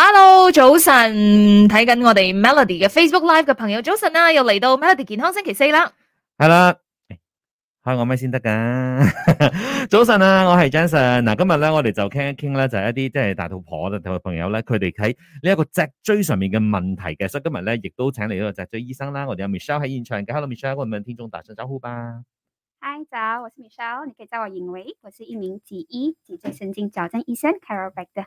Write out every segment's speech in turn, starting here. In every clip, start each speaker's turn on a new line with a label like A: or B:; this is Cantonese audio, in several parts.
A: Hello，早晨睇緊我哋 Melody 嘅 Facebook Live 嘅朋友，早晨啊，又嚟到 Melody 健康星期四啦。
B: 係啦，開個咪先得噶？早晨啊，我係 Jason。嗱，今日咧我哋就傾一傾咧，就係一啲即係大肚婆嘅朋友咧，佢哋喺呢一個脊椎上面嘅問題嘅，所以今日咧亦都請嚟咗個脊椎醫生啦。我哋有 Michelle 喺現場嘅，Hello Michelle，各位聽眾打聲招呼吧。
C: Hi，早，我係 Michelle，你可以叫我影維，我是一名脊醫、脊椎神經矯正醫生 Chiropractor。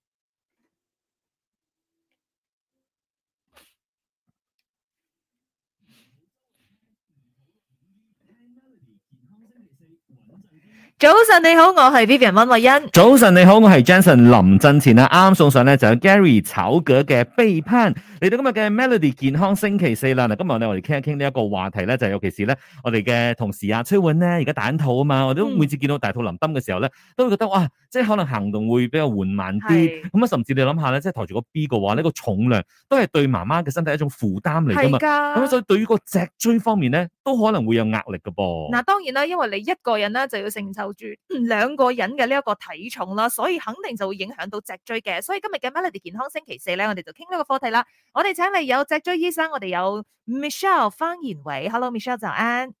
A: 早晨你好，我係 Vivian 溫慧欣。
B: 早晨你好，我係 Jason 林振前啊，啱啱送上咧就係 Gary 曹格嘅背叛。嚟到今日嘅 Melody 健康星期四啦，嗱今日咧我哋傾一傾呢一個話題咧就係、是、尤其是咧我哋嘅同事阿崔允咧而家大肚啊嘛，我都每次見到大肚林登嘅時候咧都會覺得哇，即係可能行動會比較緩慢啲，咁啊的甚至你諗下咧即係抬住個 B 嘅話呢、這個重量都係對媽媽嘅身體一種負擔嚟噶嘛，咁的所以對於個脊椎方面咧都可能會有壓力噶噃。嗱
A: 當然啦，因為你一個人咧就要承受住兩個人嘅呢一個體重啦，所以肯定就會影響到脊椎嘅。所以今日嘅 Melody 健康星期四咧，我哋就傾呢個課題啦。我哋請嚟有脊椎醫生，我哋有 Michelle 方延偉 Hello, Michelle 方延偉。Hello，Michelle 早安。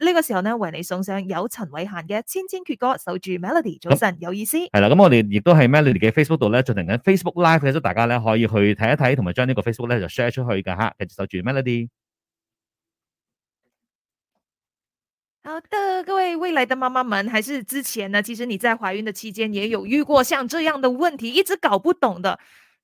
A: 呢個時候呢，為你送上由陳慧嫻嘅《千千闕歌》，守住 Melody。早晨有意思
B: 係啦，咁我哋亦都喺 Melody 嘅 Facebook 度咧進行緊 Facebook Live，所以大家咧可以去睇一睇，同埋將呢個 Facebook 咧就 share 出去噶吓，跟住守住 Melody。
A: 好的，各位未來的媽媽們，還是之前呢？其實你在懷孕的期間也有遇過像這樣的問題，一直搞不懂的。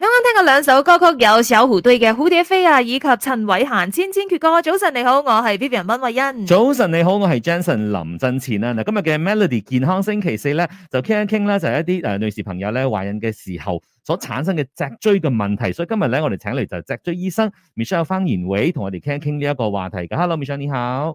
A: 啱啱聽過兩首歌曲，有小虎隊嘅《蝴蝶飛》啊，以及陳慧嫻《千千闕歌》。早晨你好，我係 Vivian 溫慧欣。
B: 早晨你好，我係 Johnson 林振前啦。嗱，今日嘅 Melody 健康星期四咧，就傾一傾呢，就係一啲誒、呃、女士朋友咧懷孕嘅時候所產生嘅脊椎嘅問題。所以今日咧，我哋請嚟就脊椎醫生 Michelle 方賢偉同我哋傾一傾呢一個話題。Hello，Michelle，你好。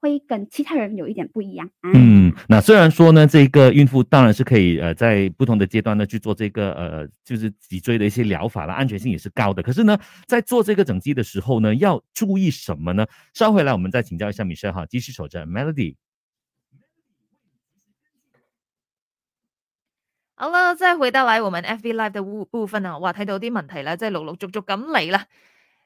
B: 會跟其他人有一點不一樣。嗯，那雖然說呢，這個孕婦當然是可以呃，在不同的階段呢去做這個呃，就是脊椎的一些療法啦，安全性也是高的。可是呢，在做這個整脊的時候呢，要注意什麼呢？稍回來我們再請教一下米生哈，繼續守着 Melody。
A: 好了，再回到來我們 FB Live 的部部分啊，哇，睇到啲問題咧，真係陸陸續續咁嚟啦。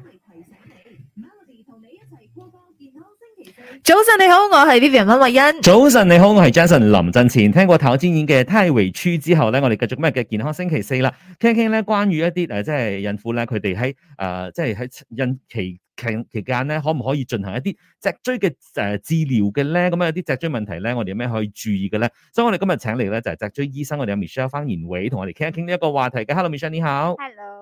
D: 提
A: 早晨，你好，我係 Vivian 溫慧欣。
B: 早晨你好，我係 Jason 林振前。聽過頭先演嘅胎位粗之後咧，我哋繼續今日嘅健康星期四啦，傾傾咧關於一啲誒，即、啊、係、就是、孕婦咧，佢哋喺誒，即係喺孕期期期間咧，可唔可以進行一啲脊椎嘅誒、呃、治療嘅咧？咁樣有啲脊椎問題咧，我哋有咩可以注意嘅咧？所以我哋今日請嚟咧就係脊椎醫生，我哋有 Michelle 方賢偉同我哋傾一傾呢一個話題嘅。Hello，Michelle 你好。Hello。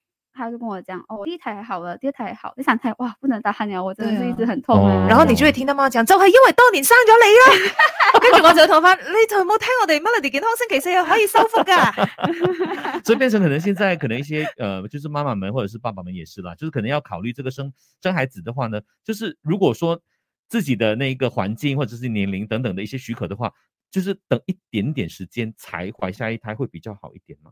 C: 他就跟我講，哦，第一胎還好了，第二胎還好，第三胎哇，不能打哈了，我真的是一直很
D: 痛，啊。啊，然後你
A: 就會聽到媽媽講，哦，就係因為當年生咗你啊。 我跟
C: 住我就同翻，你就冇聽我哋 Melody 健康星期四又可以修復的。
B: 所以變成可能現在可能一些呃，就是媽媽們或者是爸爸們也是啦，就是可能要考慮這個生生孩子的話呢，就是如果說自己的那一個環境或者是年齡等等的一些許可的話，就是等一點點時間才懷下一胎會比較好一點嗎？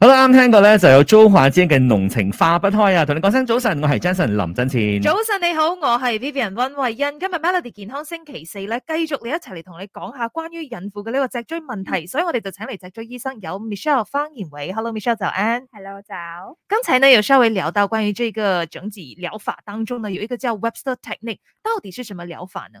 B: 好啦，啱聽過咧，就有周華健嘅濃情化不開啊！同你講聲早晨，我係 Jason 林振前。早
A: 晨你好，我係 Vivian 溫慧欣。今日 Melody 健康星期四咧，繼續你一齊嚟同你講下關於孕婦嘅呢個脊椎問題，嗯、所以我哋就請嚟脊椎醫生有 Michelle 方言偉。Hello Michelle，就 Ann。
C: Hello，早！家。
A: 剛才呢有稍微聊到關於這個整體療法當中呢，有一個叫 Webster
C: Technique，到
A: 底是什麼療法呢？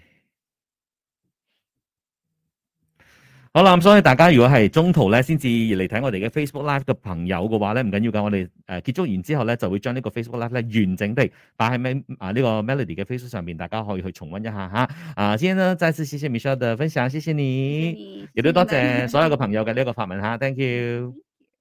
B: 好啦，咁所以大家如果係中途咧先至嚟睇我哋嘅 Facebook Live 嘅朋友嘅話咧，唔緊要㗎，我哋誒結束完之後咧，就會將呢個 Facebook Live 咧完整地擺喺啊呢個 Melody 嘅 Facebook 上面，大家可以去重溫一下吓。啊，先呢，再次謝謝 Michelle 嘅分享，謝謝你，亦都多謝所有嘅朋友嘅呢個發問吓，Thank you。謝謝